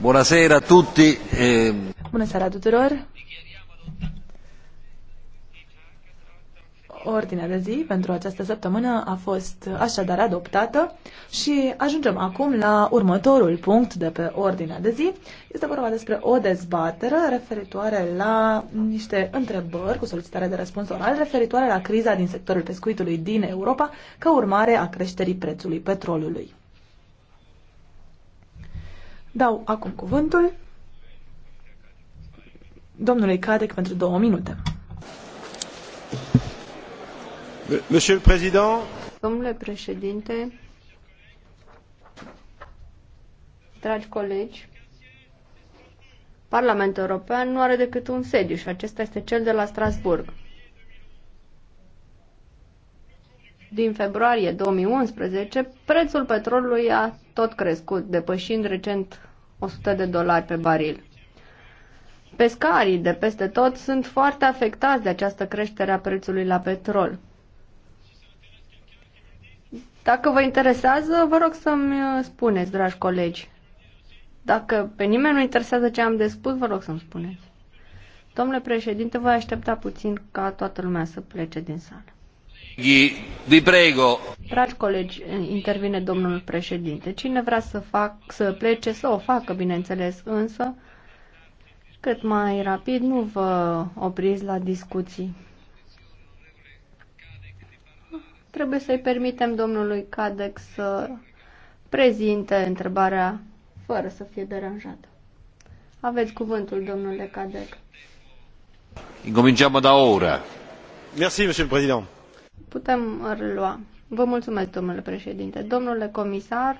Buonasera a tutti. Bună seara tuturor. Ordinea de zi pentru această săptămână a fost așadar adoptată și ajungem acum la următorul punct de pe ordinea de zi. Este vorba despre o dezbatere referitoare la niște întrebări cu solicitare de răspuns oral referitoare la criza din sectorul pescuitului din Europa ca urmare a creșterii prețului petrolului. Dau acum cuvântul domnului Cadec pentru două minute. Monsieur le Président, Domnule președinte, dragi colegi, Parlamentul European nu are decât un sediu și acesta este cel de la Strasburg. Din februarie 2011, prețul petrolului a tot crescut, depășind recent 100 de dolari pe baril. Pescarii de peste tot sunt foarte afectați de această creștere a prețului la petrol. Dacă vă interesează, vă rog să-mi uh, spuneți, dragi colegi. Dacă pe nimeni nu interesează ce am de spus, vă rog să-mi spuneți. Domnule președinte, voi aștepta puțin ca toată lumea să plece din sală. Dragi colegi, intervine domnul președinte. Cine vrea să, fac, să plece, să o facă, bineînțeles, însă cât mai rapid, nu vă opriți la discuții. Trebuie să-i permitem domnului Cadec să prezinte întrebarea fără să fie deranjat. Aveți cuvântul, domnule Cadec. Incominciamo da ora. Merci, monsieur le président Putem relua. Vă mulțumesc, domnule președinte. Domnule comisar,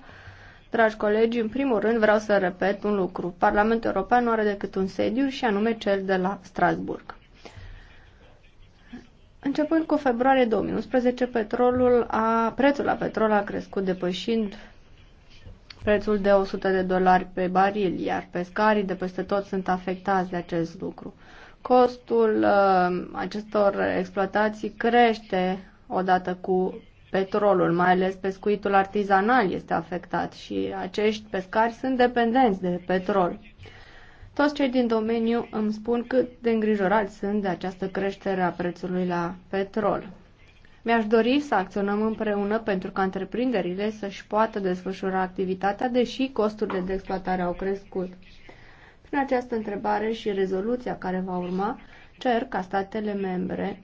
dragi colegi, în primul rând vreau să repet un lucru. Parlamentul European nu are decât un sediu și anume cel de la Strasburg. Începând cu februarie 2011, petrolul a, prețul la petrol a crescut depășind prețul de 100 de dolari pe baril, iar pescarii de peste tot sunt afectați de acest lucru. Costul uh, acestor exploatații crește odată cu petrolul, mai ales pescuitul artizanal este afectat și acești pescari sunt dependenți de petrol. Toți cei din domeniu îmi spun cât de îngrijorați sunt de această creștere a prețului la petrol. Mi-aș dori să acționăm împreună pentru ca întreprinderile să-și poată desfășura activitatea, deși costurile de exploatare au crescut. Prin această întrebare și rezoluția care va urma, cer ca statele membre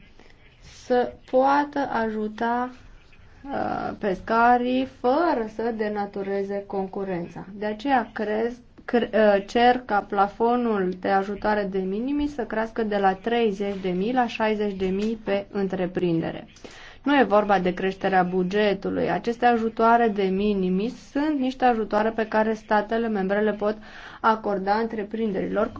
să poată ajuta uh, pescarii fără să denatureze concurența. De aceea crez, cre, uh, cer ca plafonul de ajutare de minimi să crească de la 30.000 la 60.000 pe întreprindere. Nu e vorba de creșterea bugetului. Aceste ajutoare de minimis sunt niște ajutoare pe care statele membre le pot acorda întreprinderilor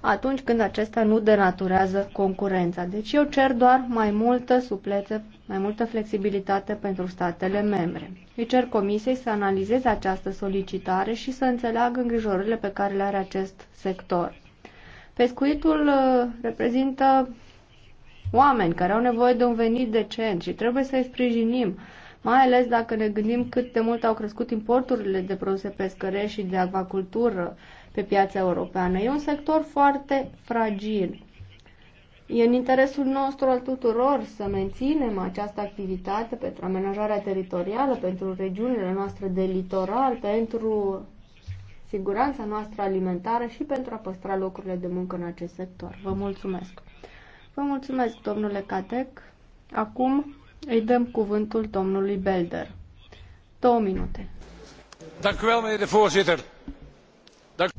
atunci când acestea nu denaturează concurența. Deci eu cer doar mai multă suplețe, mai multă flexibilitate pentru statele membre. Îi cer comisiei să analizeze această solicitare și să înțeleagă îngrijorările pe care le are acest sector. Pescuitul uh, reprezintă oameni care au nevoie de un venit decent și trebuie să-i sprijinim, mai ales dacă ne gândim cât de mult au crescut importurile de produse pescărești și de acvacultură pe piața europeană. E un sector foarte fragil. E în interesul nostru al tuturor să menținem această activitate pentru amenajarea teritorială, pentru regiunile noastre de litoral, pentru siguranța noastră alimentară și pentru a păstra locurile de muncă în acest sector. Vă mulțumesc! Vă mulțumesc, domnule Catec. Acum îi dăm cuvântul domnului Belder. Două minute.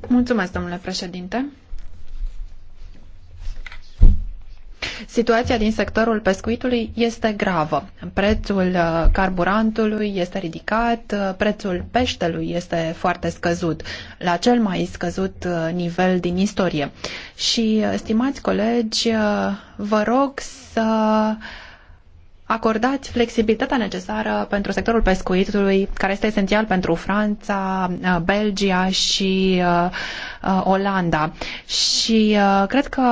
Mulțumesc, domnule președinte. Situația din sectorul pescuitului este gravă. Prețul uh, carburantului este ridicat, uh, prețul peștelui este foarte scăzut, la cel mai scăzut uh, nivel din istorie. Și, stimați colegi, vă rog să acordați flexibilitatea necesară pentru sectorul pescuitului, care este esențial pentru Franța, uh, Belgia și uh, uh, Olanda. Și cred că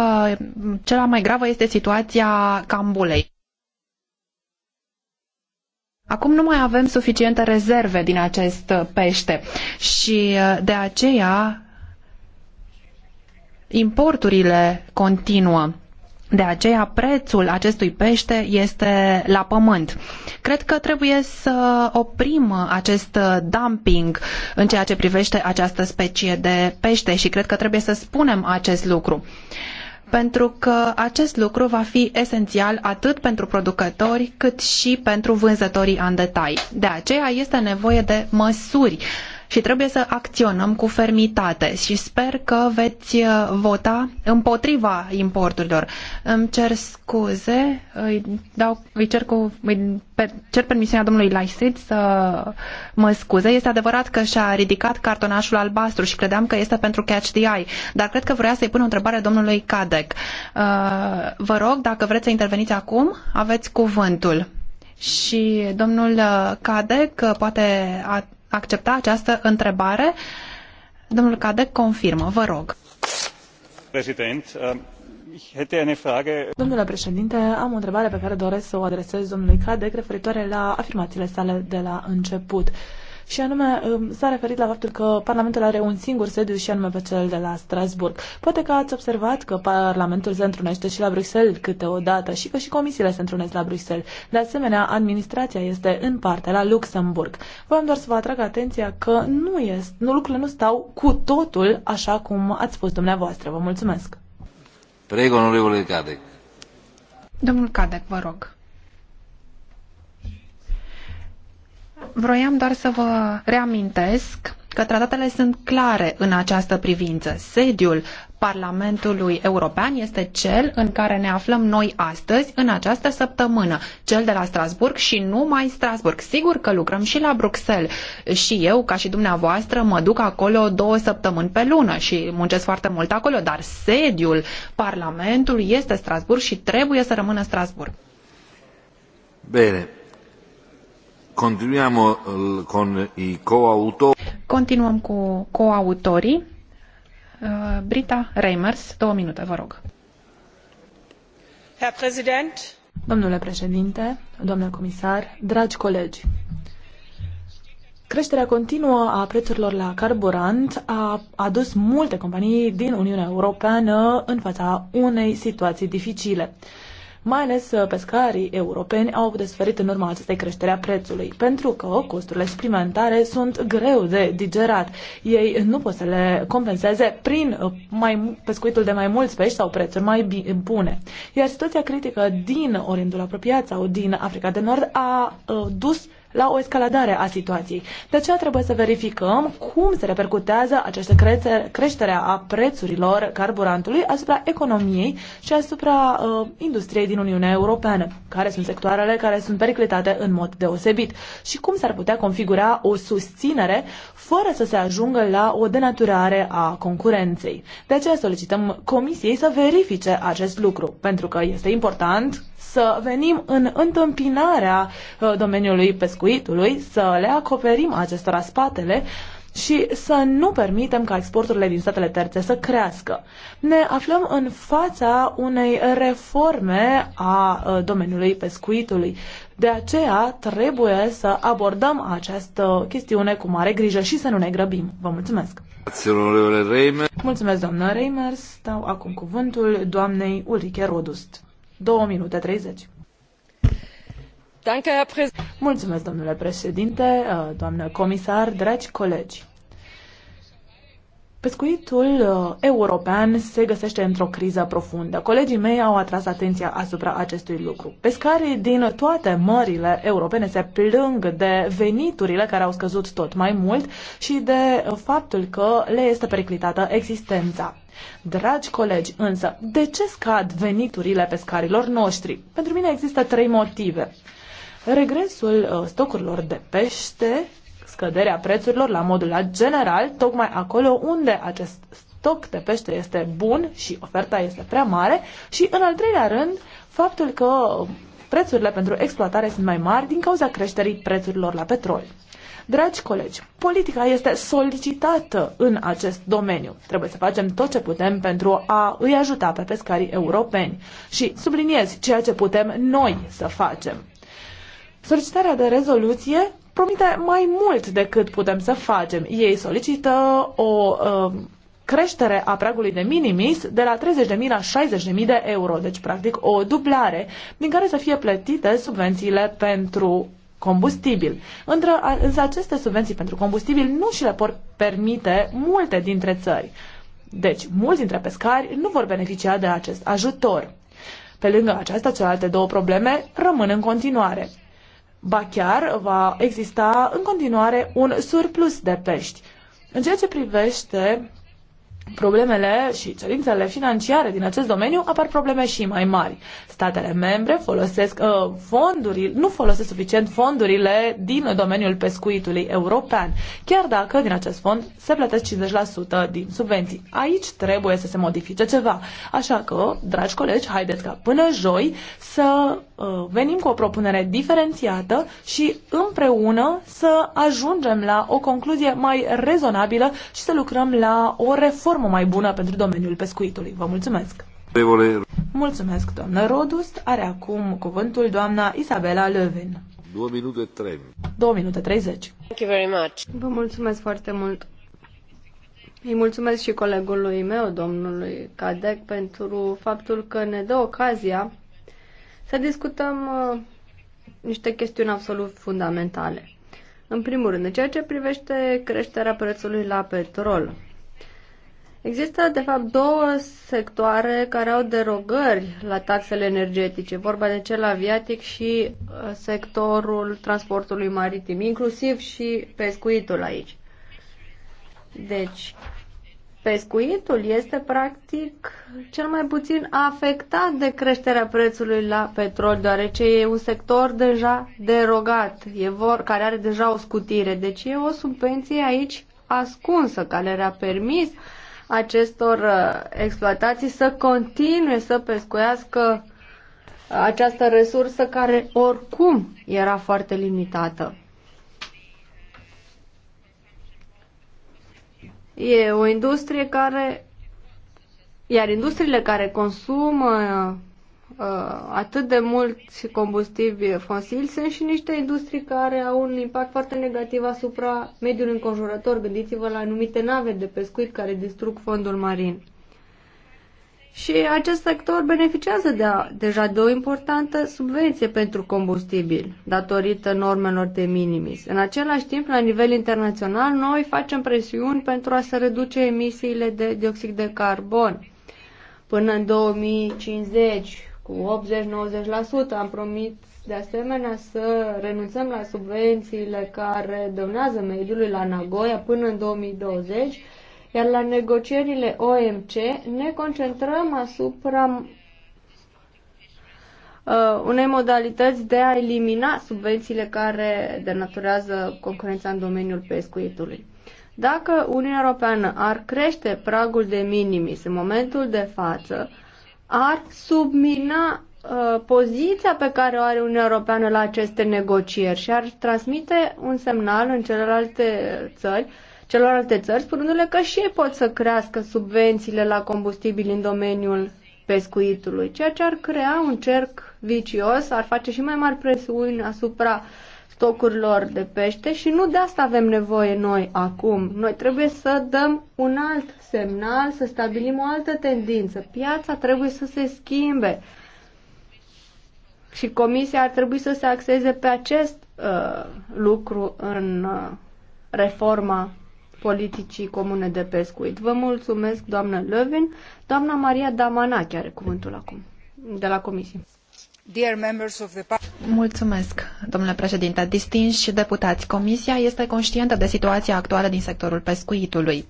cea mai gravă este situația Cambulei. Acum nu mai avem suficiente rezerve din acest pește și de aceea importurile continuă de aceea, prețul acestui pește este la pământ. Cred că trebuie să oprim acest dumping în ceea ce privește această specie de pește și cred că trebuie să spunem acest lucru. Pentru că acest lucru va fi esențial atât pentru producători cât și pentru vânzătorii în detai. De aceea este nevoie de măsuri uh, și trebuie să acționăm cu fermitate și sper că veți uh, vota împotriva importurilor. Îmi cer scuze, îi, dau, îi cer, cu, îi per, cer permisiunea domnului Lightstreet să mă scuze. Este adevărat că și-a ridicat cartonașul albastru și credeam că este pentru Catch the Eye, dar cred că vrea să-i pun o întrebare domnului Cadec. Uh, vă rog, dacă vreți să interveniți acum, aveți cuvântul. Și domnul uh, Cadec uh, poate a accepta această întrebare? Domnul Cadec confirmă, vă rog. Uh, Domnule președinte, am o întrebare pe care doresc să o adresez domnului Cadec referitoare la afirmațiile sale de la început. Uh, și anume um, s-a referit la faptul că Parlamentul are un singur sediu și anume pe cel de la Strasburg. Poate că ați observat că Parlamentul se întrunește și la Bruxelles câteodată și că și comisiile se întrunesc la Bruxelles. De asemenea, administrația este în parte la Luxemburg. Vreau doar să vă atrag atenția că nu este, nu, lucrurile nu stau cu totul așa cum ați spus dumneavoastră. Vă mulțumesc. Prego, onorevole Cadec. Domnul Cadec, vă rog. Vroiam doar să vă reamintesc că tratatele sunt clare în această privință. Sediul Parlamentului European este cel în care ne aflăm noi astăzi, în această săptămână, cel de la Strasburg și numai Strasburg. Sigur că lucrăm și la Bruxelles și eu, ca și dumneavoastră, mă duc acolo două săptămâni pe lună și muncesc foarte mult acolo, dar sediul Parlamentului este Strasburg și trebuie să rămână Strasburg. Bine, Uh, Continuăm cu coautorii. Uh, Brita Reimers, două minute, vă rog. Herr Präsident. Domnule președinte, domnule comisar, dragi colegi, Creșterea continuă a prețurilor la carburant a adus multe companii din Uniunea Europeană în fața unei situații dificile mai ales uh, pescarii europeni au avut de suferit în urma acestei creșteri a prețului, pentru că costurile suplimentare sunt greu de digerat. Ei nu pot să le compenseze prin uh, mai, pescuitul de mai mulți pești sau prețuri mai bune. Iar situația critică din Orientul apropiat sau din Africa de Nord a uh, dus la o escaladare a situației. De aceea trebuie să verificăm cum se repercutează această creștere a prețurilor carburantului asupra economiei și asupra uh, industriei din Uniunea Europeană, care sunt sectoarele care sunt periclitate în mod deosebit și cum s-ar putea configura o susținere fără să se ajungă la o denaturare a concurenței. De aceea solicităm Comisiei să verifice acest lucru, pentru că este important să venim în întâmpinarea uh, domeniului pescuitului, să le acoperim acestora spatele, și să nu permitem ca exporturile din statele terțe să crească. Ne aflăm în fața unei reforme a uh, domeniului pescuitului. De aceea trebuie să abordăm această chestiune cu mare grijă și să nu ne grăbim. Vă mulțumesc! Mulțumesc, doamnă Reimers. Dau acum cuvântul doamnei Ulrike Rodust. Două minute 30. Mulțumesc, domnule președinte, uh, doamnă comisar, dragi colegi. Pescuitul uh, european se găsește într-o criză profundă. Colegii mei au atras atenția asupra acestui lucru. Pescarii din toate mările europene se plâng de veniturile care au scăzut tot mai mult și de faptul că le este periclitată existența. Dragi colegi, însă, de ce scad veniturile pescarilor noștri? Pentru mine există trei motive. Regresul uh, stocurilor de pește, scăderea prețurilor la modul general, tocmai acolo unde acest stoc de pește este bun și oferta este prea mare și, în al treilea rând, faptul că prețurile pentru exploatare sunt mai mari din cauza creșterii prețurilor la petrol. Dragi colegi, politica este solicitată în acest domeniu. Trebuie să facem tot ce putem pentru a îi ajuta pe pescarii europeni și subliniez ceea ce putem noi să facem. Solicitarea de rezoluție promite mai mult decât putem să facem. Ei solicită o uh, creștere a pragului de minimis de la 30.000 la 60.000 de euro, deci practic o dublare, din care să fie plătite subvențiile pentru combustibil. Între, însă aceste subvenții pentru combustibil nu și le pot permite multe dintre țări. Deci, mulți dintre pescari nu vor beneficia de acest ajutor. Pe lângă aceasta, celelalte două probleme rămân în continuare. Ba chiar va exista în continuare un surplus de pești. În ceea ce privește problemele și cerințele financiare din acest domeniu apar probleme și mai mari. Statele membre folosesc uh, fonduri, nu folosesc suficient fondurile din domeniul pescuitului european, chiar dacă din acest fond se plătesc 50% din subvenții. Aici trebuie să se modifice ceva. Așa că, dragi colegi, haideți ca până joi să uh, venim cu o propunere diferențiată și împreună să ajungem la o concluzie mai rezonabilă și să lucrăm la o reformă reformă mai bună pentru domeniul pescuitului. Vă mulțumesc! Mulțumesc, doamnă Rodust. Are acum cuvântul doamna Isabela Lövin. 2 minute 3. 2 minute 30. Thank you very much. Vă mulțumesc foarte mult. Îi mulțumesc și colegului meu, domnului Cadec, pentru faptul că ne dă ocazia să discutăm uh, niște chestiuni absolut fundamentale. În primul rând, în ceea ce privește creșterea prețului la petrol, Există, de fapt, două sectoare care au derogări la taxele energetice, vorba de cel aviatic și uh, sectorul transportului maritim, inclusiv și pescuitul aici. Deci, pescuitul este practic cel mai puțin afectat de creșterea prețului la petrol, deoarece e un sector deja derogat, e vor, care are deja o scutire. Deci e o subvenție aici ascunsă, care le-a permis acestor uh, exploatații să continue să pescuiască uh, această resursă care oricum era foarte limitată. E o industrie care iar industriile care consumă Uh, atât de mulți combustibili fosili, sunt și niște industrii care au un impact foarte negativ asupra mediului înconjurător. Gândiți-vă la anumite nave de pescuit care distrug fondul marin. Și acest sector beneficiază de a, deja de o importantă subvenție pentru combustibil, datorită normelor de minimis. În același timp, la nivel internațional, noi facem presiuni pentru a se reduce emisiile de dioxid de carbon până în 2050 cu 80-90%. Am promis de asemenea să renunțăm la subvențiile care dăunează mediului la Nagoya până în 2020, iar la negocierile OMC ne concentrăm asupra uh, unei modalități de a elimina subvențiile care denaturează concurența în domeniul pescuitului. Dacă Uniunea Europeană ar crește pragul de minimis în momentul de față, ar submina uh, poziția pe care o are Uniunea Europeană la aceste negocieri și ar transmite un semnal în celelalte țări celorlalte țări, spunându-le că și ei pot să crească subvențiile la combustibili în domeniul pescuitului, ceea ce ar crea un cerc vicios, ar face și mai mari presiuni asupra uh, stocurilor de pește și nu de asta avem nevoie noi acum. Noi trebuie să dăm un alt semnal, să stabilim o altă tendință. Piața trebuie să se schimbe și comisia ar trebui să se axeze pe acest uh, lucru în uh, reforma politicii comune de pescuit. Vă mulțumesc, doamnă Lăvin. Doamna Maria Damana, chiar cuvântul acum, de la comisie. Mulțumesc, domnule președinte. Distinși deputați, Comisia este conștientă de situația actuală din sectorul pescuitului.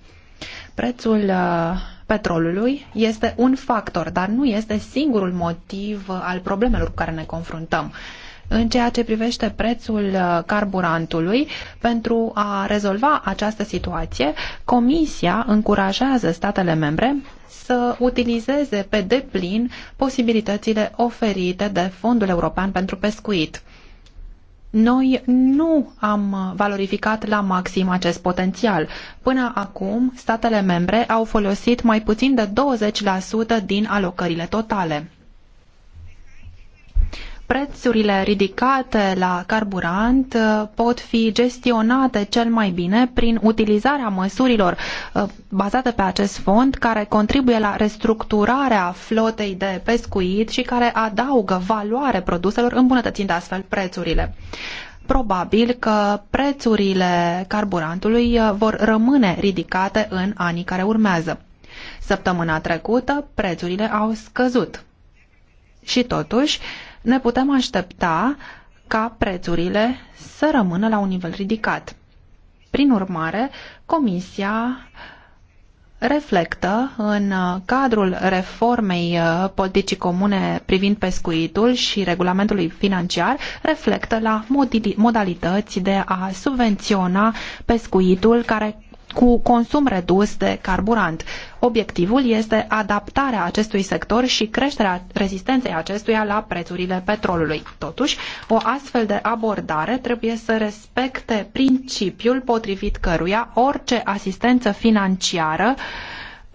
Prețul uh, petrolului este un factor, dar nu este singurul motiv uh, al problemelor cu care ne confruntăm în ceea ce privește prețul uh, carburantului. Pentru a rezolva această situație, Comisia încurajează statele membre să utilizeze pe deplin posibilitățile oferite de Fondul European pentru Pescuit. Noi nu am valorificat la maxim acest potențial. Până acum, statele membre au folosit mai puțin de 20% din alocările totale prețurile ridicate la carburant uh, pot fi gestionate cel mai bine prin utilizarea măsurilor uh, bazate pe acest fond care contribuie la restructurarea flotei de pescuit și care adaugă valoare produselor îmbunătățind astfel prețurile probabil că prețurile carburantului uh, vor rămâne ridicate în anii care urmează. Săptămâna trecută prețurile au scăzut. Și totuși, ne putem aștepta ca prețurile să rămână la un nivel ridicat. Prin urmare, Comisia reflectă în uh, cadrul reformei uh, politicii comune privind pescuitul și regulamentului financiar, reflectă la modalități de a subvenționa pescuitul care cu consum redus de carburant. Obiectivul este adaptarea acestui sector și creșterea rezistenței acestuia la prețurile petrolului. Totuși, o astfel de abordare trebuie să respecte principiul potrivit căruia orice asistență financiară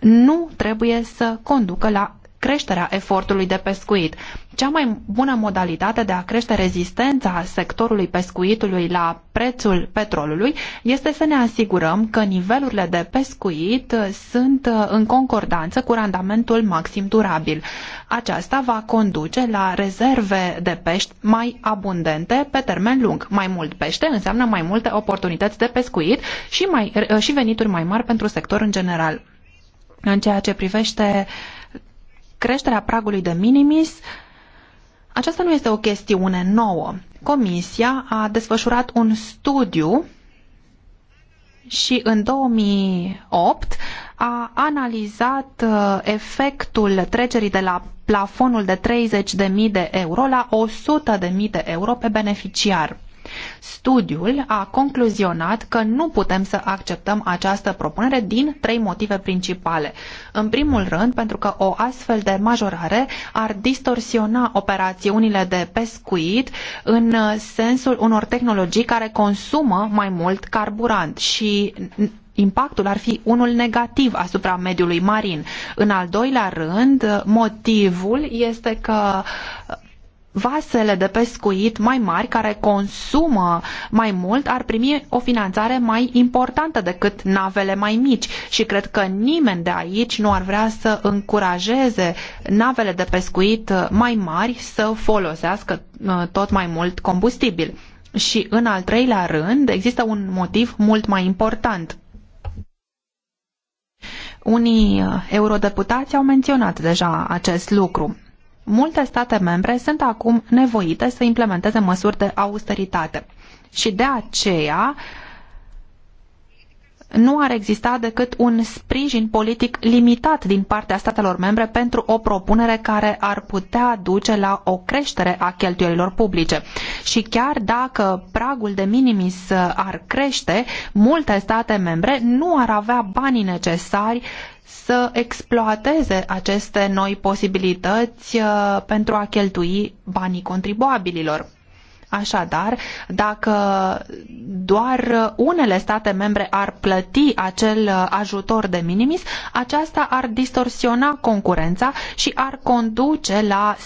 nu trebuie să conducă la creșterea efortului de pescuit. Cea mai bună modalitate de a crește rezistența sectorului pescuitului la prețul petrolului este să ne asigurăm că nivelurile de pescuit sunt în concordanță cu randamentul maxim durabil. Aceasta va conduce la rezerve de pești mai abundente pe termen lung. Mai mult pește înseamnă mai multe oportunități de pescuit și, mai, și venituri mai mari pentru sector în general. În ceea ce privește uh, creșterea pragului de minimis, aceasta nu este o chestiune nouă. Comisia a desfășurat un studiu și în 2008 a analizat uh, efectul trecerii de la plafonul de 30.000 de euro la 100.000 de euro pe beneficiar. Studiul a concluzionat că nu putem să acceptăm această propunere din trei motive principale. În primul rând, pentru că o astfel de majorare ar distorsiona operațiunile de pescuit în sensul unor tehnologii care consumă mai mult carburant și impactul ar fi unul negativ asupra mediului marin. În al doilea rând, motivul este că vasele de pescuit mai mari care consumă mai mult ar primi o finanțare mai importantă decât navele mai mici și cred că nimeni de aici nu ar vrea să încurajeze navele de pescuit mai mari să folosească uh, tot mai mult combustibil. Și în al treilea rând există un motiv mult mai important. Unii uh, eurodeputați au menționat deja acest lucru multe state membre sunt acum nevoite să implementeze măsuri de austeritate. Și de aceea, nu ar exista decât un sprijin politic limitat din partea statelor membre pentru o propunere care ar putea duce la o creștere a cheltuielilor publice. Și chiar dacă pragul de minimis ar crește, multe state membre nu ar avea banii necesari să exploateze aceste noi posibilități uh, pentru a cheltui banii contribuabililor. Așadar, dacă doar unele state membre ar plăti acel ajutor de minimis, aceasta ar distorsiona concurența și ar conduce la,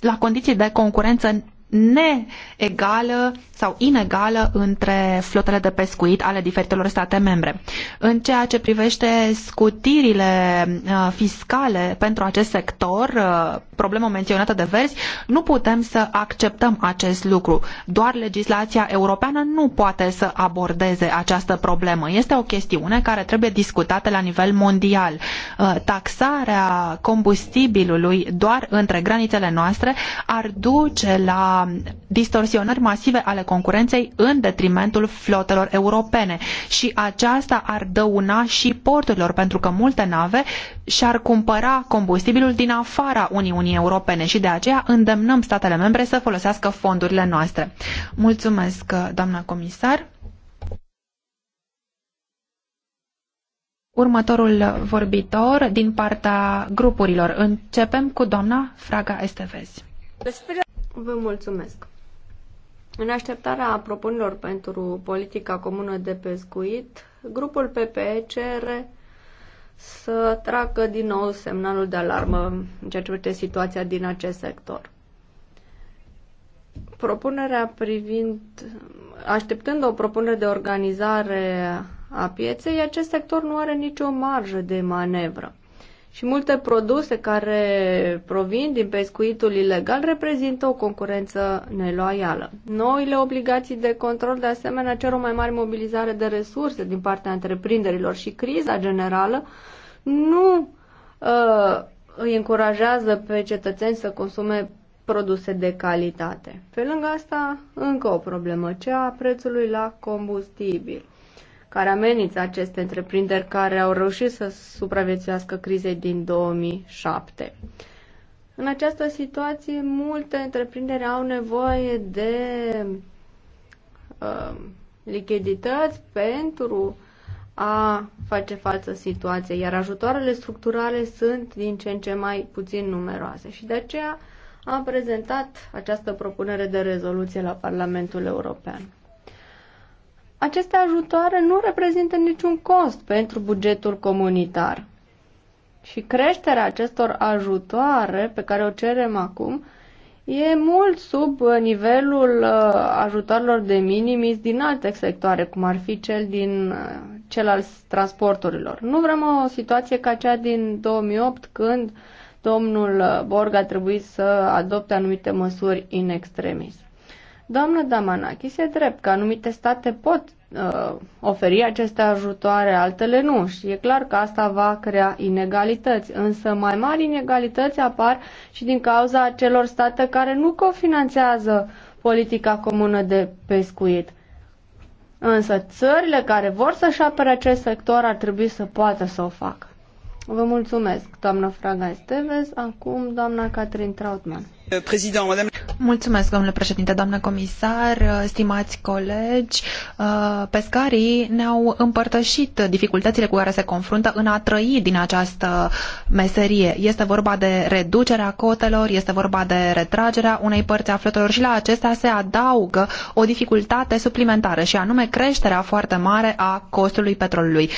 la condiții de concurență neegală sau inegală între flotele de pescuit ale diferitelor state membre. În ceea ce privește scutirile uh, fiscale pentru acest sector, uh, problemă menționată de verzi, nu putem să acceptăm acest lucru. Doar legislația europeană nu poate să abordeze această problemă. Este o chestiune care trebuie discutată la nivel mondial. Uh, taxarea combustibilului doar între granițele noastre ar duce la distorsionări masive ale concurenței în detrimentul flotelor europene și aceasta ar dăuna și porturilor pentru că multe nave și-ar cumpăra combustibilul din afara Uniunii Europene și de aceea îndemnăm statele membre să folosească fondurile noastre. Mulțumesc, doamna comisar. Următorul vorbitor din partea grupurilor. Începem cu doamna Fraga Estevez. Vă mulțumesc. În așteptarea propunerilor pentru politica comună de pescuit, grupul PPE cere să tragă din nou semnalul de alarmă în ceea ce privește situația din acest sector. Propunerea privind, așteptând o propunere de organizare a pieței, acest sector nu are nicio marjă de manevră și multe produse care provin din pescuitul ilegal reprezintă o concurență neloială. Noile obligații de control de asemenea cer o mai mare mobilizare de resurse din partea întreprinderilor și criza generală nu uh, îi încurajează pe cetățeni să consume produse de calitate. Pe lângă asta, încă o problemă, cea a prețului la combustibil care amenință aceste întreprinderi care au reușit să supraviețuiască crizei din 2007. În această situație, multe întreprinderi au nevoie de uh, lichidități pentru a face față situației, iar ajutoarele structurale sunt din ce în ce mai puțin numeroase și de aceea am prezentat această propunere de rezoluție la Parlamentul European. Aceste ajutoare nu reprezintă niciun cost pentru bugetul comunitar. Și creșterea acestor ajutoare pe care o cerem acum e mult sub uh, nivelul uh, ajutoarelor de minimis din alte sectoare, cum ar fi cel din uh, cel al transporturilor. Nu vrem o situație ca cea din 2008 când domnul Borg a trebuit să adopte anumite măsuri in extremis. Doamnă Damanaki, se drept că anumite state pot uh, oferi aceste ajutoare, altele nu și e clar că asta va crea inegalități, însă mai mari inegalități apar și din cauza celor state care nu cofinanțează politica comună de pescuit. Însă țările care vor să-și apere acest sector ar trebui să poată să o facă. Vă mulțumesc, doamna Fraga Esteves. Acum, doamna Catherine Trautmann. Mulțumesc, domnule președinte, doamnă comisar, stimați colegi. Uh, pescarii ne-au împărtășit dificultățile cu care se confruntă în a trăi din această meserie. Este vorba de reducerea cotelor, este vorba de retragerea unei părți a flotelor și la acestea se adaugă o dificultate suplimentară și anume creșterea foarte mare a costului petrolului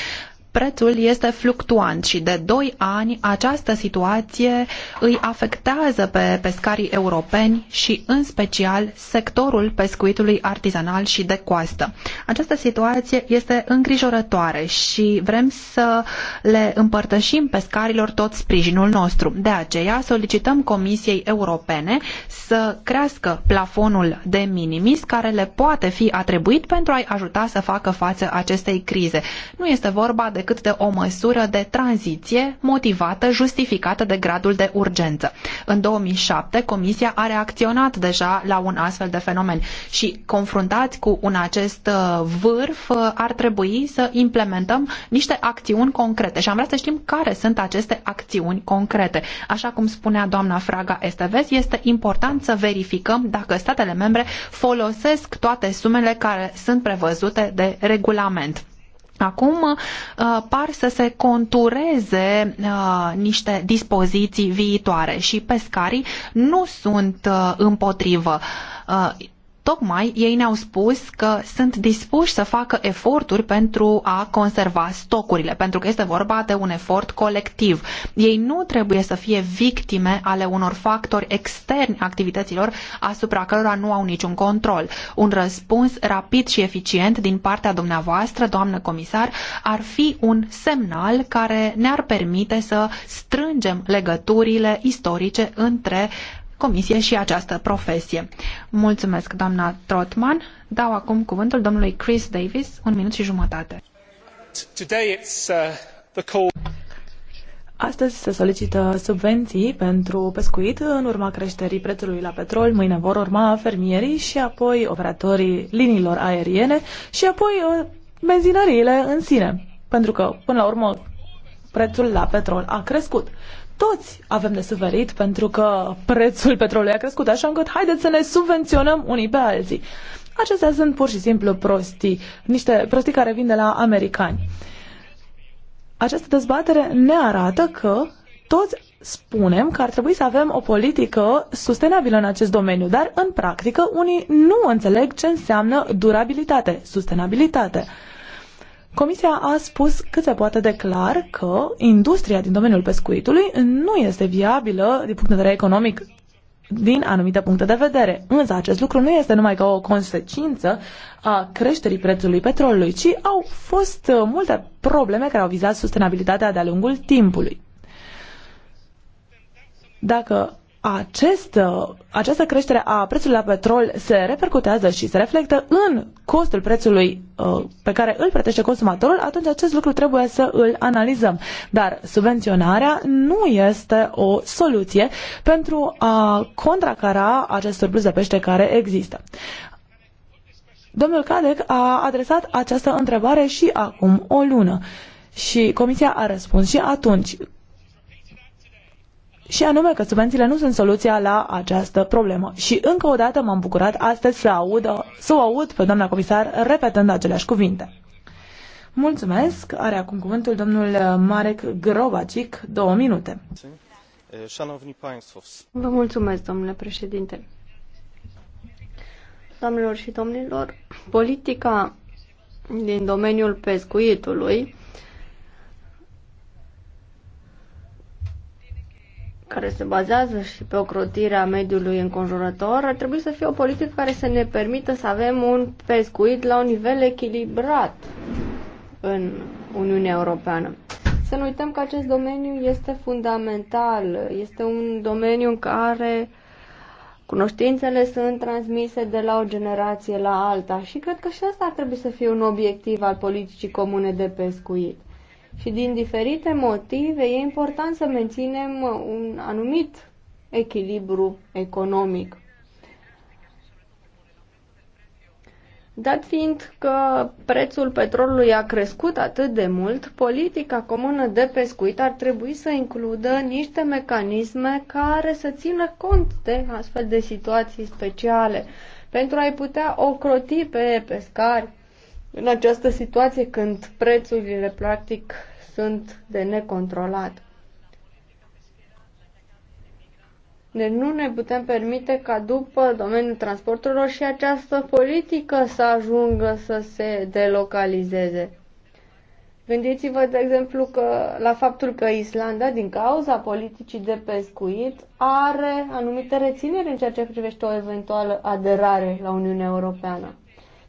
prețul este fluctuant și de doi ani această situație îi afectează pe pescarii europeni și în special sectorul pescuitului artizanal și de coastă. Această situație este îngrijorătoare și vrem să le împărtășim pescarilor tot sprijinul nostru. De aceea solicităm Comisiei Europene să crească plafonul de minimis care le poate fi atribuit pentru a-i ajuta să facă față acestei crize. Nu este vorba de decât de o măsură de tranziție motivată, justificată de gradul de urgență. În 2007, Comisia a reacționat deja la un astfel de fenomen și confruntați cu un acest uh, vârf uh, ar trebui să implementăm niște acțiuni concrete și am vrea să știm care sunt aceste acțiuni concrete. Așa cum spunea doamna Fraga Esteves, este important să verificăm dacă statele membre folosesc toate sumele care sunt prevăzute de regulament. Acum uh, par să se contureze uh, niște dispoziții viitoare și pescarii nu sunt uh, împotrivă Tocmai ei ne-au spus că sunt dispuși să facă eforturi pentru a conserva stocurile, pentru că este vorba de un efort colectiv. Ei nu trebuie să fie victime ale unor factori externi activităților asupra cărora nu au niciun control. Un răspuns rapid și eficient din partea dumneavoastră, doamnă comisar, ar fi un semnal care ne-ar permite să strângem legăturile istorice între comisie și această profesie. Mulțumesc, doamna Trotman. Dau acum cuvântul domnului Chris Davis, un minut și jumătate. Uh, Astăzi se solicită subvenții pentru pescuit în urma creșterii prețului la petrol, mâine vor urma fermierii și apoi operatorii liniilor aeriene și apoi benzinăriile uh, în sine. Pentru că, până la urmă, prețul la petrol a crescut. Toți avem de suferit pentru că prețul petrolului a crescut, așa încât haideți să ne subvenționăm unii pe alții. Acestea sunt pur și simplu prostii, niște prostii care vin de la americani. Această dezbatere ne arată că toți spunem că ar trebui să avem o politică sustenabilă în acest domeniu, dar în practică unii nu înțeleg ce înseamnă durabilitate, sustenabilitate. Comisia a spus cât se poate de clar că industria din domeniul pescuitului nu este viabilă din punct de vedere economic din anumite puncte de vedere. Însă acest lucru nu este numai ca o consecință a creșterii prețului petrolului, ci au fost uh, multe probleme care au vizat sustenabilitatea de-a lungul timpului. Dacă acest, uh, această creștere a prețului la petrol se repercutează și se reflectă în costul prețului uh, pe care îl plătește consumatorul, atunci acest lucru trebuie să îl analizăm. Dar subvenționarea nu este o soluție pentru a contracara acest surplus de pește care există. Domnul Cadec a adresat această întrebare și acum o lună și Comisia a răspuns și atunci și anume că subvențiile nu sunt soluția la această problemă. Și încă o dată m-am bucurat astăzi să, aud, să o aud pe doamna comisar repetând aceleași cuvinte. Mulțumesc. Are acum cuvântul domnul Marek Grobacic, două minute. Vă mulțumesc, domnule președinte. Doamnelor și domnilor, politica din domeniul pescuitului care se bazează și pe ocrotirea mediului înconjurător, ar trebui să fie o politică care să ne permită să avem un pescuit la un nivel echilibrat în Uniunea Europeană. Să nu uităm că acest domeniu este fundamental, este un domeniu în care cunoștințele sunt transmise de la o generație la alta și cred că și asta ar trebui să fie un obiectiv al politicii comune de pescuit. Și din diferite motive e important să menținem un anumit echilibru economic. Dat fiind că prețul petrolului a crescut atât de mult, politica comună de pescuit ar trebui să includă niște mecanisme care să țină cont de astfel de situații speciale pentru a-i putea ocroti pe pescari în această situație când prețurile practic sunt de necontrolat. de deci nu ne putem permite ca după domeniul transporturilor și această politică să ajungă să se delocalizeze. Gândiți-vă, de exemplu, că la faptul că Islanda, din cauza politicii de pescuit, are anumite rețineri în ceea ce privește o eventuală aderare la Uniunea Europeană.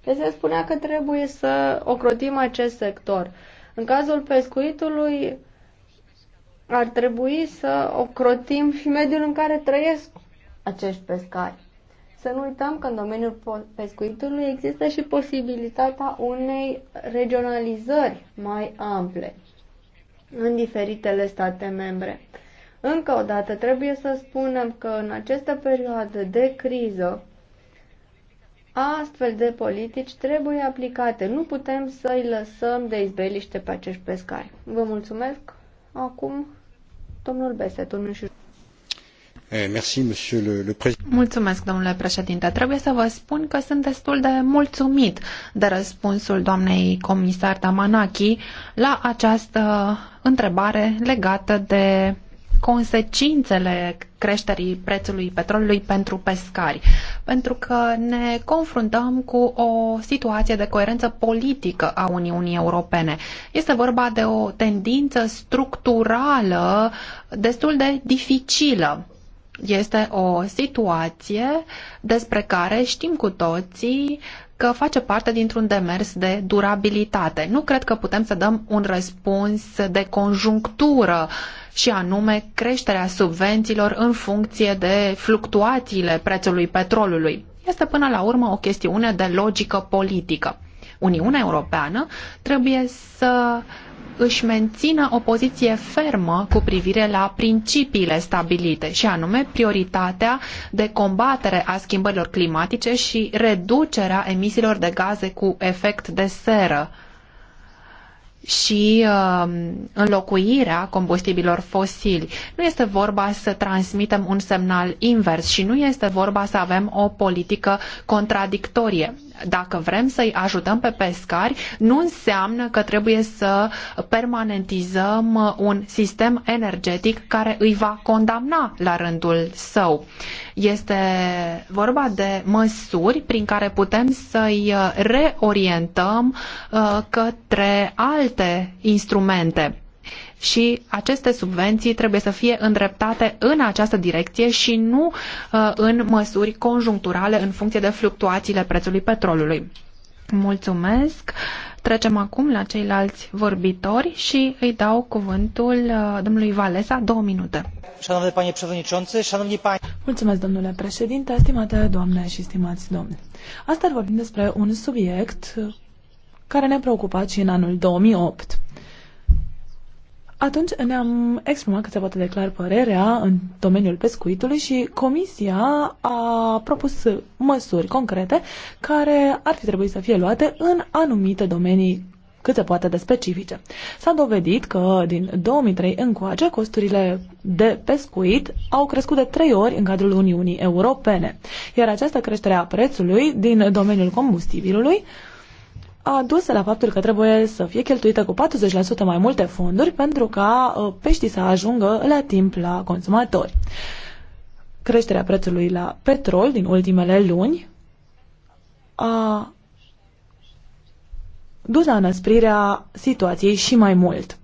Deci se spunea că trebuie să ocrotim acest sector. În cazul pescuitului ar trebui să ocrotim și mediul în care trăiesc acești pescari. Să nu uităm că în domeniul pescuitului există și posibilitatea unei regionalizări mai ample în diferitele state membre. Încă o dată trebuie să spunem că în această perioadă de criză astfel de politici trebuie aplicate. Nu putem să-i lăsăm de izbeliște pe acești pescari. Vă mulțumesc. Acum, domnul Bese, domnul și... Eh, mulțumesc, domnule președinte. Trebuie să vă spun că sunt destul de mulțumit de răspunsul doamnei comisar Damanaki la această întrebare legată de consecințele creșterii prețului petrolului pentru pescari, pentru că ne confruntăm cu o situație de coerență politică a Uniunii Europene. Este vorba de o tendință structurală destul de dificilă este o situație despre care știm cu toții că face parte dintr-un demers de durabilitate. Nu cred că putem să dăm un răspuns de conjunctură și anume creșterea subvențiilor în funcție de fluctuațiile prețului petrolului. Este până la urmă o chestiune de logică politică. Uniunea Europeană trebuie să își mențină o poziție fermă cu privire la principiile stabilite, și anume prioritatea de combatere a schimbărilor climatice și reducerea emisiilor de gaze cu efect de seră și uh, înlocuirea combustibilor fosili. Nu este vorba să transmitem un semnal invers și nu este vorba să avem o politică contradictorie. Dacă vrem să-i ajutăm pe pescari, nu înseamnă că trebuie să permanentizăm un sistem energetic care îi va condamna la rândul său. Este vorba de măsuri prin care putem să-i reorientăm uh, către alte instrumente și aceste subvenții trebuie să fie îndreptate în această direcție și nu uh, în măsuri conjuncturale în funcție de fluctuațiile prețului petrolului. Mulțumesc. Trecem acum la ceilalți vorbitori și îi dau cuvântul uh, domnului Valesa, două minute. Mulțumesc, domnule președinte, stimate doamne și stimați domni. Astăzi vorbim despre un subiect care ne-a preocupat și în anul 2008. Atunci ne-am exprimat câteva se poate părerea în domeniul pescuitului și Comisia a propus măsuri concrete care ar fi trebuit să fie luate în anumite domenii cât se poate de specifice. S-a dovedit că din 2003 încoace costurile de pescuit au crescut de trei ori în cadrul Uniunii Europene, iar această creștere a prețului din domeniul combustibilului a dus la faptul că trebuie să fie cheltuită cu 40% mai multe fonduri pentru ca uh, peștii să ajungă la timp la consumatori. Creșterea prețului la petrol din ultimele luni a dus la înăsprirea situației și mai mult.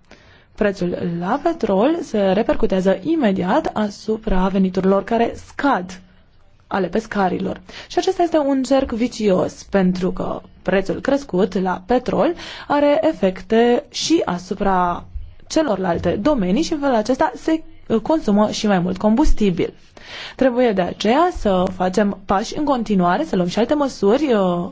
Prețul la petrol se repercutează imediat asupra veniturilor care scad ale pescarilor. Și acesta este un cerc vicios, pentru că prețul crescut la petrol are efecte și asupra celorlalte domenii și în felul acesta se uh, consumă și mai mult combustibil. Trebuie de aceea să facem pași în continuare, să luăm și alte măsuri uh,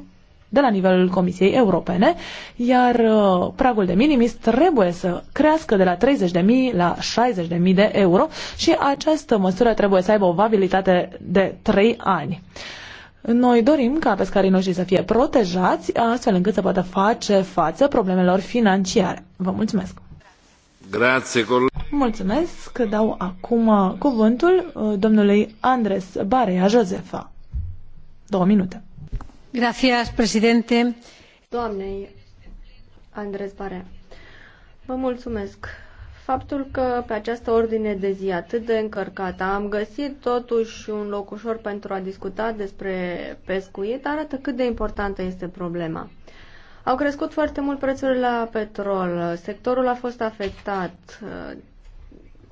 de la nivelul Comisiei Europene, iar uh, pragul de minimis trebuie să crească de la 30.000 la 60.000 de euro și această măsură trebuie să aibă o vabilitate de 3 ani. Noi dorim ca pescarii noștri să fie protejați astfel încât să poată face față problemelor financiare. Vă mulțumesc! Grazie, Mulțumesc că dau acum uh, cuvântul uh, domnului Andres Barea Josefa. Două minute. Doamnei vă mulțumesc. Faptul că pe această ordine de zi atât de încărcată am găsit totuși un loc ușor pentru a discuta despre pescuit arată cât de importantă este problema. Au crescut foarte mult prețurile la petrol, sectorul a fost afectat,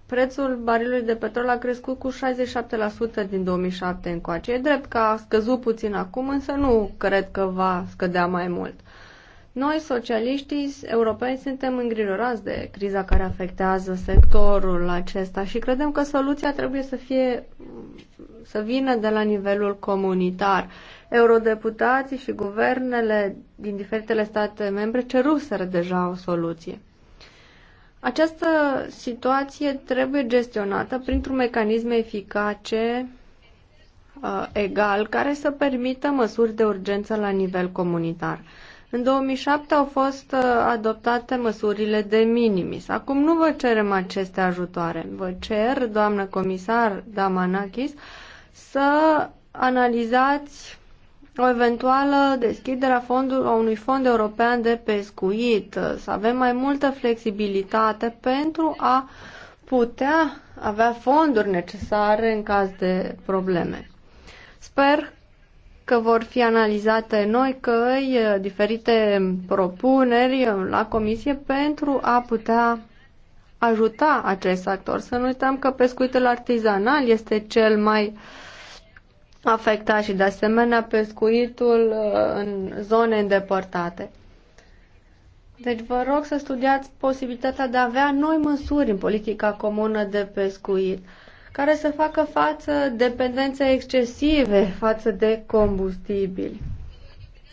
prețul barilului de petrol a crescut cu 67% din 2007 încoace. E drept că a scăzut puțin acum, însă nu cred că va scădea mai mult. Noi, socialiștii europeni, suntem îngrijorați de criza care afectează sectorul acesta și credem că soluția trebuie să fie să vină de la nivelul comunitar. Eurodeputații și guvernele din diferitele state membre ceruseră deja o soluție. Această situație trebuie gestionată printr-un mecanism eficace, uh, egal, care să permită măsuri de urgență la nivel comunitar. În 2007 au fost uh, adoptate măsurile de minimis. Acum nu vă cerem aceste ajutoare. Vă cer, doamnă comisar Damanakis, să analizați o eventuală deschidere a, a unui fond european de pescuit, să avem mai multă flexibilitate pentru a putea avea fonduri necesare în caz de probleme. Sper că vor fi analizate noi căi, diferite propuneri la comisie pentru a putea ajuta acest actor. Să nu uităm că pescuitul artizanal este cel mai uh, afecta și de asemenea pescuitul uh, în zone îndepărtate. Deci vă rog să studiați posibilitatea de a avea noi măsuri în politica comună de pescuit care să facă față dependenței excesive față de combustibili.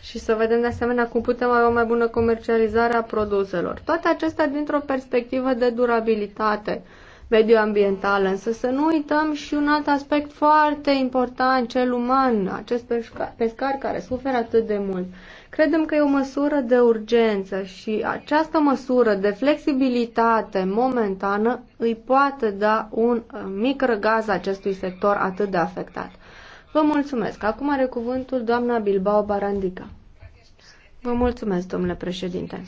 Și să vedem de asemenea cum putem avea o mai bună comercializare a produselor. Toate acestea dintr-o perspectivă de durabilitate medioambientală, însă să nu uităm și un alt aspect foarte important, cel uman, acest pescar, pescar care suferă atât de mult. Credem că e o măsură de urgență și această măsură de flexibilitate momentană îi poate da un uh, mic răgaz acestui sector atât de afectat. Vă mulțumesc. Acum are cuvântul doamna Bilbao Barandica. Vă mulțumesc, domnule președinte.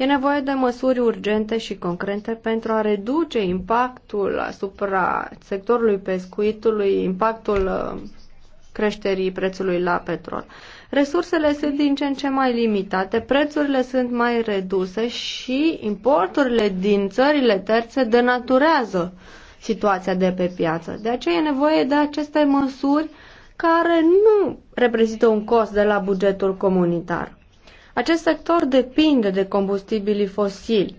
E nevoie de măsuri urgente și concrete pentru a reduce impactul asupra sectorului pescuitului, impactul uh, creșterii prețului la petrol. Resursele sunt din ce în ce mai limitate, prețurile sunt mai reduse și importurile din țările terțe denaturează situația de pe piață. De aceea e nevoie de aceste măsuri care nu reprezintă un cost de la bugetul comunitar. Acest sector depinde de combustibilii fosili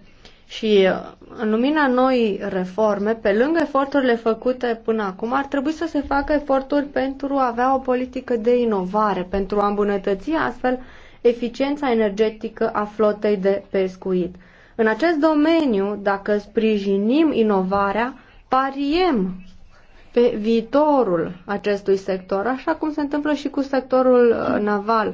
și uh, în lumina noi reforme, pe lângă eforturile făcute până acum, ar trebui să se facă eforturi pentru a avea o politică de inovare, pentru a îmbunătăți astfel eficiența energetică a flotei de pescuit. În acest domeniu, dacă sprijinim inovarea, pariem pe viitorul acestui sector, așa cum se întâmplă și cu sectorul uh, naval.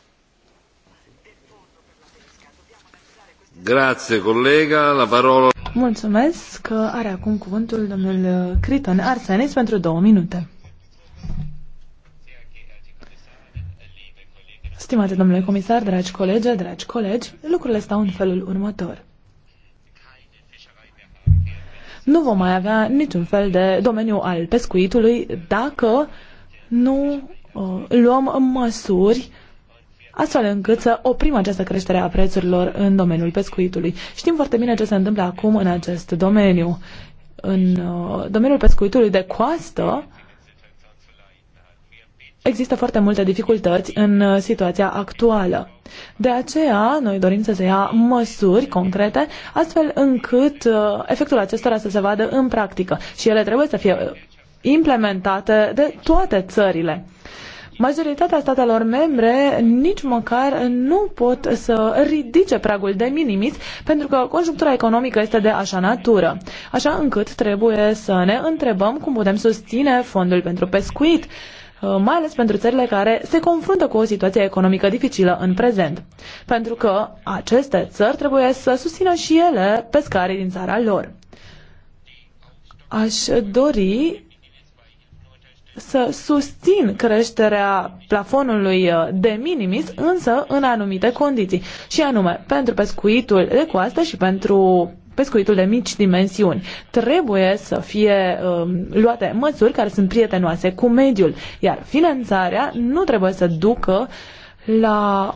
Grazie, colega. La parola... Mulțumesc că are acum cuvântul domnul Criton Arsenis pentru două minute. Stimate domnule comisar, dragi colegi, dragi colegi, lucrurile stau în felul următor. Nu vom mai avea niciun fel de domeniu al pescuitului dacă nu uh, luăm măsuri uh, astfel încât să oprim această creștere a prețurilor în domeniul pescuitului. Știm foarte bine ce se întâmplă acum în acest domeniu. În uh, domeniul pescuitului de coastă există foarte multe dificultăți în uh, situația actuală. De aceea, noi dorim să se ia măsuri concrete, astfel încât uh, efectul acestora să se vadă în practică și ele trebuie să fie implementate de toate țările majoritatea statelor membre nici măcar nu pot să ridice pragul de minimis pentru că conjunctura economică este de așa natură. Așa încât trebuie să ne întrebăm cum putem susține fondul pentru pescuit uh, mai ales pentru țările care se confruntă cu o situație economică dificilă în prezent. Pentru că aceste țări trebuie să susțină și ele pescarii din țara lor. Aș dori să susțin creșterea plafonului uh, de minimis, însă în anumite condiții, și anume pentru pescuitul de coastă și pentru pescuitul de mici dimensiuni. Trebuie să fie um, luate măsuri care sunt prietenoase cu mediul, iar finanțarea nu trebuie să ducă la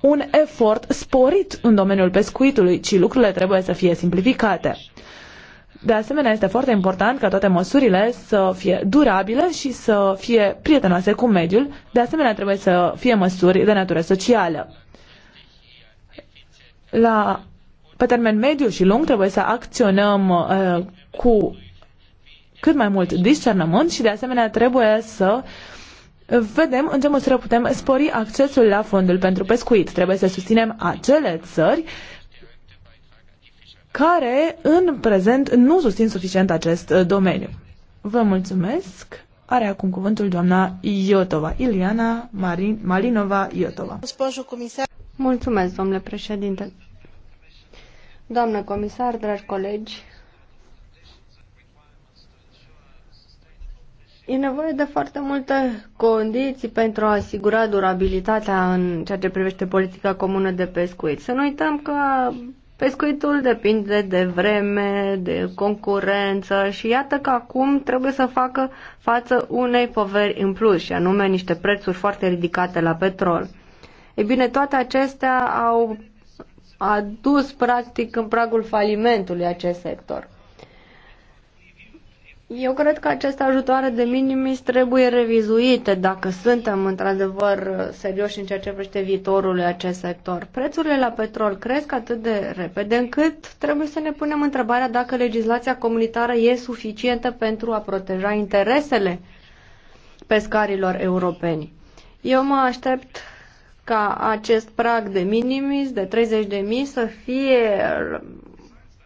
un efort sporit în domeniul pescuitului, ci lucrurile trebuie să fie simplificate. De asemenea, este foarte important ca toate măsurile să fie durabile și să fie prietenoase cu mediul. De asemenea, trebuie să fie măsuri de natură socială. La, pe termen mediu și lung trebuie să acționăm uh, cu cât mai mult discernământ și de asemenea trebuie să vedem în ce măsură putem spori accesul la fondul pentru pescuit. Trebuie să susținem acele țări uh, care în prezent nu susțin suficient acest uh, domeniu. Vă mulțumesc! Are acum cuvântul doamna Iotova, Iliana Marin, Malinova Iotova. Mulțumesc, domnule președinte. Doamnă comisar, dragi colegi, E nevoie de foarte multe condiții pentru a asigura durabilitatea în ceea ce privește politica comună de pescuit. Să nu uităm că Pescuitul depinde de vreme, de concurență și iată că acum trebuie să facă față unei poveri în plus și anume niște prețuri foarte ridicate la petrol. Ei bine, toate acestea au adus practic în pragul falimentului acest sector. Eu cred că aceste ajutoare de minimis trebuie revizuite dacă suntem într-adevăr serioși în ceea ce privește viitorul acest sector. Prețurile la petrol cresc atât de repede încât trebuie să ne punem întrebarea dacă legislația comunitară e suficientă pentru a proteja interesele pescarilor europeni. Eu mă aștept ca acest prag de minimis de 30.000 să fie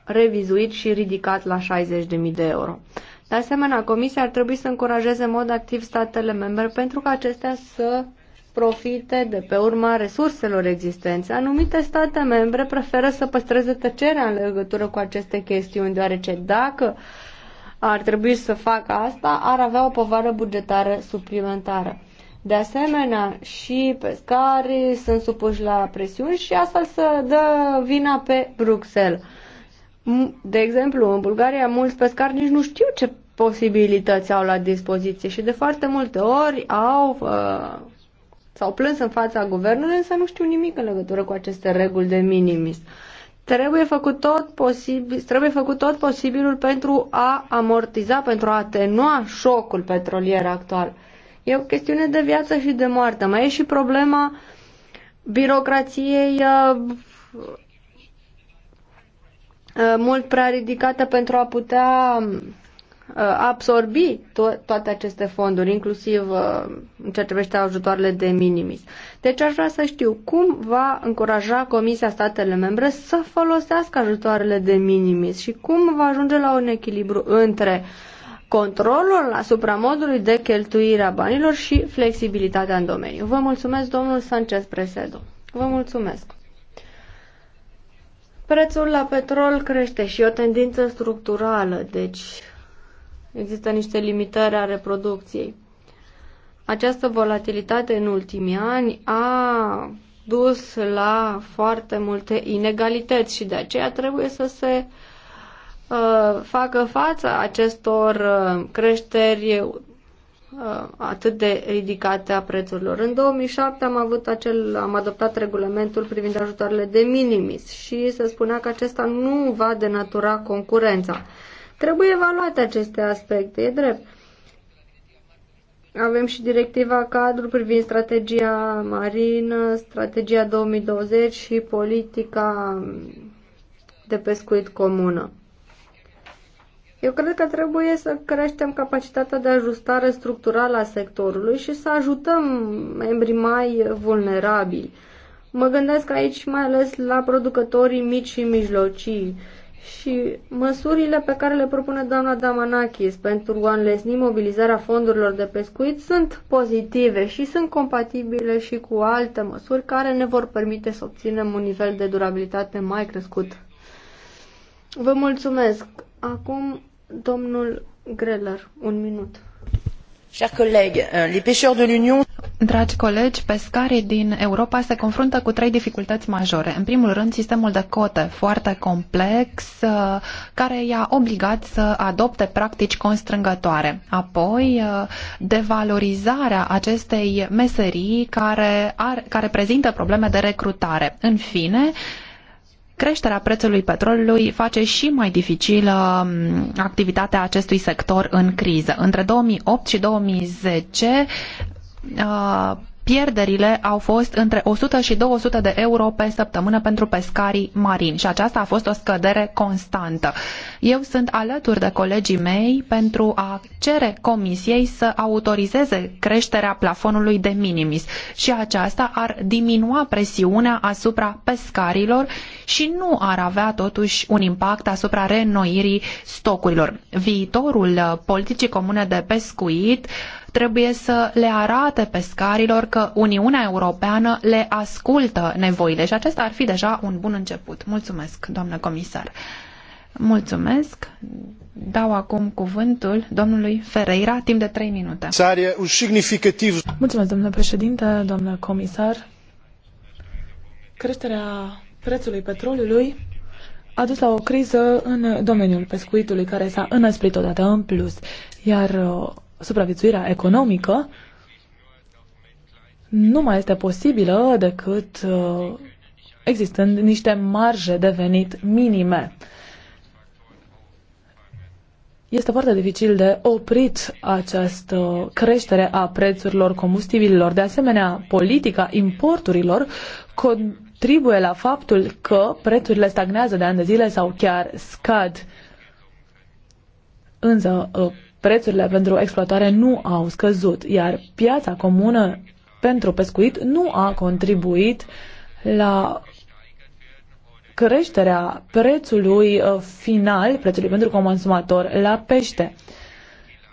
revizuit și ridicat la 60.000 de euro. De asemenea, Comisia ar trebui să încurajeze în mod activ statele membre pentru ca acestea să profite de pe urma resurselor existențe. Anumite state membre preferă să păstreze tăcerea în legătură cu aceste chestiuni, deoarece dacă ar trebui să facă asta, ar avea o povară bugetară suplimentară. De asemenea, și pescarii sunt supuși la presiuni și asta să dă vina pe Bruxelles. De exemplu, în Bulgaria mulți pescari nici nu știu ce posibilități au la dispoziție și de foarte multe ori au uh, s-au plâns în fața guvernului, însă nu știu nimic în legătură cu aceste reguli de minimis. Trebuie făcut tot, posibil, trebuie făcut tot posibilul pentru a amortiza, pentru a atenua șocul petrolier actual. E o chestiune de viață și de moarte. Mai e și problema birocrației uh, uh mult prea ridicată pentru a putea Uh, absorbi to- toate aceste fonduri, inclusiv uh, în ceea ce privește ajutoarele de minimis. Deci aș vrea să știu cum va încuraja Comisia statele membre să folosească ajutoarele de minimis și cum va ajunge la un echilibru între controlul asupra modului de cheltuire a banilor și flexibilitatea în domeniu. Vă mulțumesc, domnul Sanchez Presedo. Vă mulțumesc. Prețul la petrol crește și o tendință structurală, deci Există niște limitări a reproducției. Această volatilitate în ultimii ani a dus la foarte multe inegalități și de aceea trebuie să se uh, facă față acestor uh, creșteri uh, atât de ridicate a prețurilor. În 2007 am avut acel, am adoptat regulamentul privind ajutoarele de minimis și se spunea că acesta nu va denatura concurența. Trebuie evaluate aceste aspecte, e drept. Avem și directiva cadru privind strategia marină, strategia 2020 și politica de pescuit comună. Eu cred că trebuie să creștem capacitatea de ajustare structurală a sectorului și să ajutăm membrii mai vulnerabili. Mă gândesc aici mai ales la producătorii mici și mijlocii și măsurile pe care le propune doamna Damanakis pentru a înlesni mobilizarea fondurilor de pescuit sunt pozitive și sunt compatibile și cu alte măsuri care ne vor permite să obținem un nivel de durabilitate mai crescut. Vă mulțumesc. Acum, domnul Greller, un minut. Chers collègues, euh, les pêcheurs de l'Union Dragi colegi, pescarii din Europa se confruntă cu trei dificultăți majore. În primul rând, sistemul de cote foarte complex, uh, care i-a obligat să adopte practici constrângătoare. Apoi, uh, devalorizarea acestei meserii care, are, care prezintă probleme de recrutare. În fine, creșterea prețului petrolului face și mai dificilă mm, activitatea acestui sector în criză. Între 2008 și 2010 Uh, pierderile au fost între 100 și 200 de euro pe săptămână pentru pescarii marini și aceasta a fost o scădere constantă. Eu sunt alături de colegii mei pentru a cere comisiei să autorizeze creșterea plafonului de minimis și aceasta ar diminua presiunea asupra pescarilor și nu ar avea totuși un impact asupra reînnoirii stocurilor. Viitorul politicii comune de pescuit trebuie să le arate pescarilor că Uniunea Europeană le ascultă nevoile și acesta ar fi deja un bun început. Mulțumesc, doamnă comisar. Mulțumesc. Dau acum cuvântul domnului Ferreira, timp de 3 minute. Mulțumesc, domnule președinte, doamnă comisar. Creșterea prețului petrolului a dus la o criză în domeniul pescuitului care s-a înăsprit odată în plus, iar uh, supraviețuirea economică nu mai este posibilă decât uh, existând niște marje de venit minime. Este foarte dificil de oprit această creștere a prețurilor combustibililor. De asemenea, politica importurilor contribuie la faptul că prețurile stagnează de ani de zile sau chiar scad. Însă, uh, prețurile pentru exploatare nu au scăzut, iar piața comună pentru pescuit nu a contribuit la creșterea prețului uh, final, prețului pentru consumator la pește.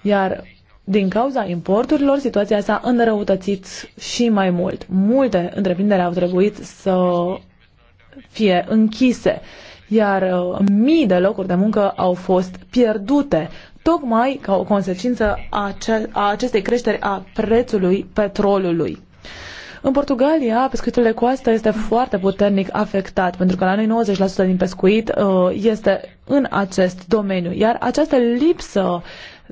Iar din cauza importurilor, situația s-a înrăutățit și mai mult. Multe întreprinderi au trebuit să fie închise, iar uh, mii de locuri de muncă au fost pierdute tocmai ca o consecință a, ce- a acestei creșteri a prețului petrolului. În Portugalia, pescuitul de coastă este foarte puternic afectat, pentru că la noi 90% din pescuit uh, este în acest domeniu. Iar această lipsă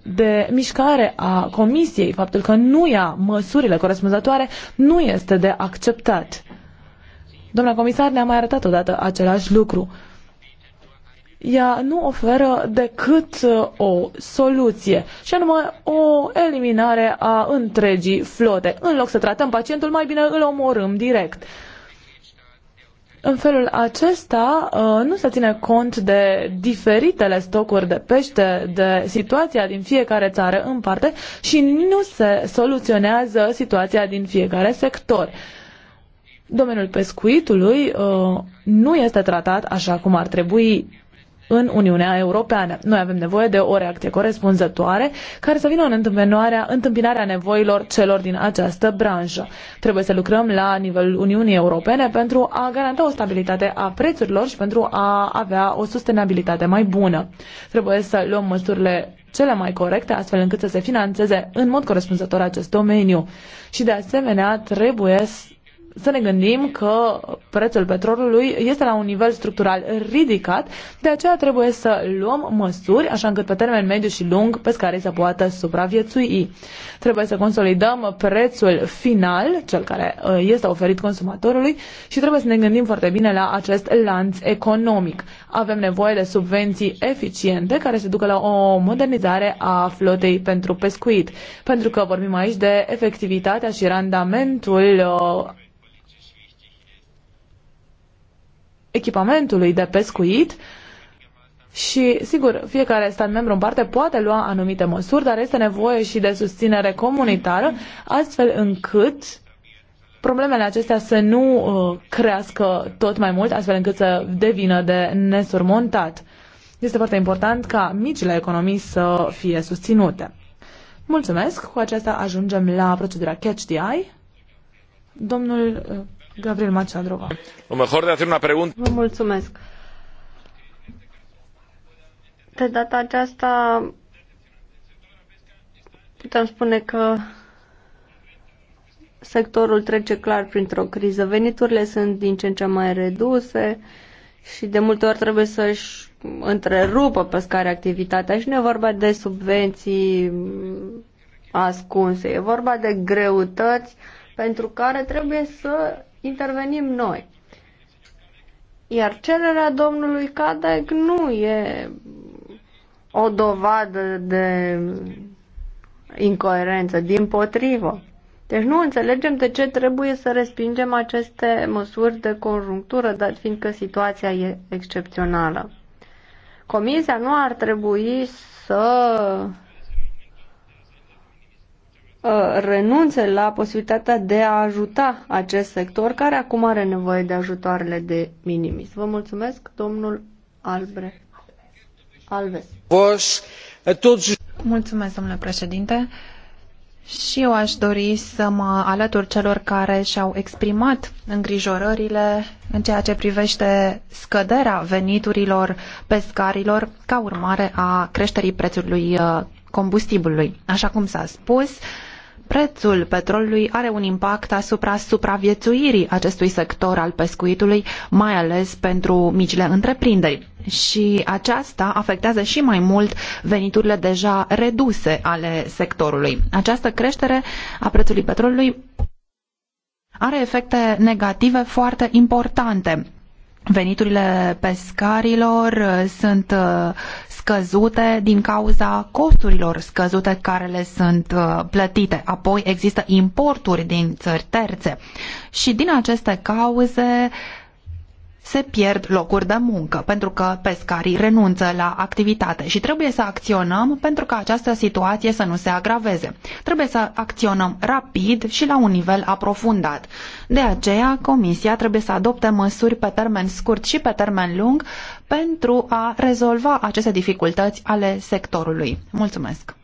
de mișcare a Comisiei, faptul că nu ia măsurile corespunzătoare, nu este de acceptat. Doamna comisar ne-a mai arătat odată același lucru ea nu oferă decât uh, o soluție, și anume o eliminare a întregii flote. În loc să tratăm pacientul, mai bine îl omorâm direct. În felul acesta uh, nu se ține cont de diferitele stocuri de pește, de situația din fiecare țară în parte și nu se soluționează situația din fiecare sector. Domeniul pescuitului uh, nu este tratat așa cum ar trebui în Uniunea Europeană. Noi avem nevoie de o reacție corespunzătoare care să vină în întâmpinarea, întâmpinarea nevoilor celor din această branșă. Trebuie să lucrăm la nivelul Uniunii Europene pentru a garanta o stabilitate a prețurilor și pentru a avea o sustenabilitate mai bună. Trebuie să luăm măsurile cele mai corecte, astfel încât să se financeze în mod corespunzător acest domeniu. Și de asemenea trebuie să să ne gândim că prețul petrolului este la un nivel structural ridicat, de aceea trebuie să luăm măsuri așa încât pe termen mediu și lung pescarii să poată supraviețui. Trebuie să consolidăm prețul final, cel care uh, este oferit consumatorului și trebuie să ne gândim foarte bine la acest lanț economic. Avem nevoie de subvenții eficiente care se ducă la o modernizare a flotei pentru pescuit, pentru că vorbim aici de efectivitatea și randamentul uh, echipamentului de pescuit și, sigur, fiecare stat membru în parte poate lua anumite măsuri, dar este nevoie și de susținere comunitară, astfel încât problemele acestea să nu uh, crească tot mai mult, astfel încât să devină de nesurmontat. Este foarte important ca micile economii să fie susținute. Mulțumesc! Cu aceasta ajungem la procedura Catch the Eye. Domnul uh, Gabriel Machadrova. Lo mejor de hacer una pregunta. Vă mulțumesc. De data aceasta putem spune că sectorul trece clar printr-o criză. Veniturile sunt din ce în ce mai reduse și de multe ori trebuie să-și întrerupă pescarea activitatea și nu e vorba de subvenții ascunse, e vorba de greutăți pentru care trebuie să intervenim noi. Iar cererea domnului Cadec nu e o dovadă de incoerență, din potrivă. Deci nu înțelegem de ce trebuie să respingem aceste măsuri de conjunctură, dat fiindcă situația e excepțională. Comisia nu ar trebui să Uh, renunțe la posibilitatea de a ajuta acest sector care acum are nevoie de ajutoarele de minimis. Vă mulțumesc, domnul Albre. Alves. Mulțumesc, domnule președinte. Și eu aș dori să mă alătur celor care și-au exprimat îngrijorările în ceea ce privește scăderea veniturilor pescarilor ca urmare a creșterii prețului uh, combustibilului. Așa cum s-a spus, prețul petrolului are un impact asupra supraviețuirii acestui sector al pescuitului, mai ales pentru micile întreprinderi. Și aceasta afectează și mai mult veniturile deja reduse ale sectorului. Această creștere a prețului petrolului are efecte negative foarte importante veniturile pescarilor uh, sunt uh, scăzute din cauza costurilor scăzute care le sunt uh, plătite. Apoi există importuri din țări terțe. Și din aceste cauze se pierd locuri de muncă, pentru că pescarii renunță la activitate și trebuie să acționăm pentru ca această situație să nu se agraveze. Trebuie să acționăm rapid și la un nivel aprofundat. De aceea, Comisia trebuie să adopte măsuri pe termen scurt și pe termen lung pentru a rezolva aceste dificultăți ale sectorului. Mulțumesc!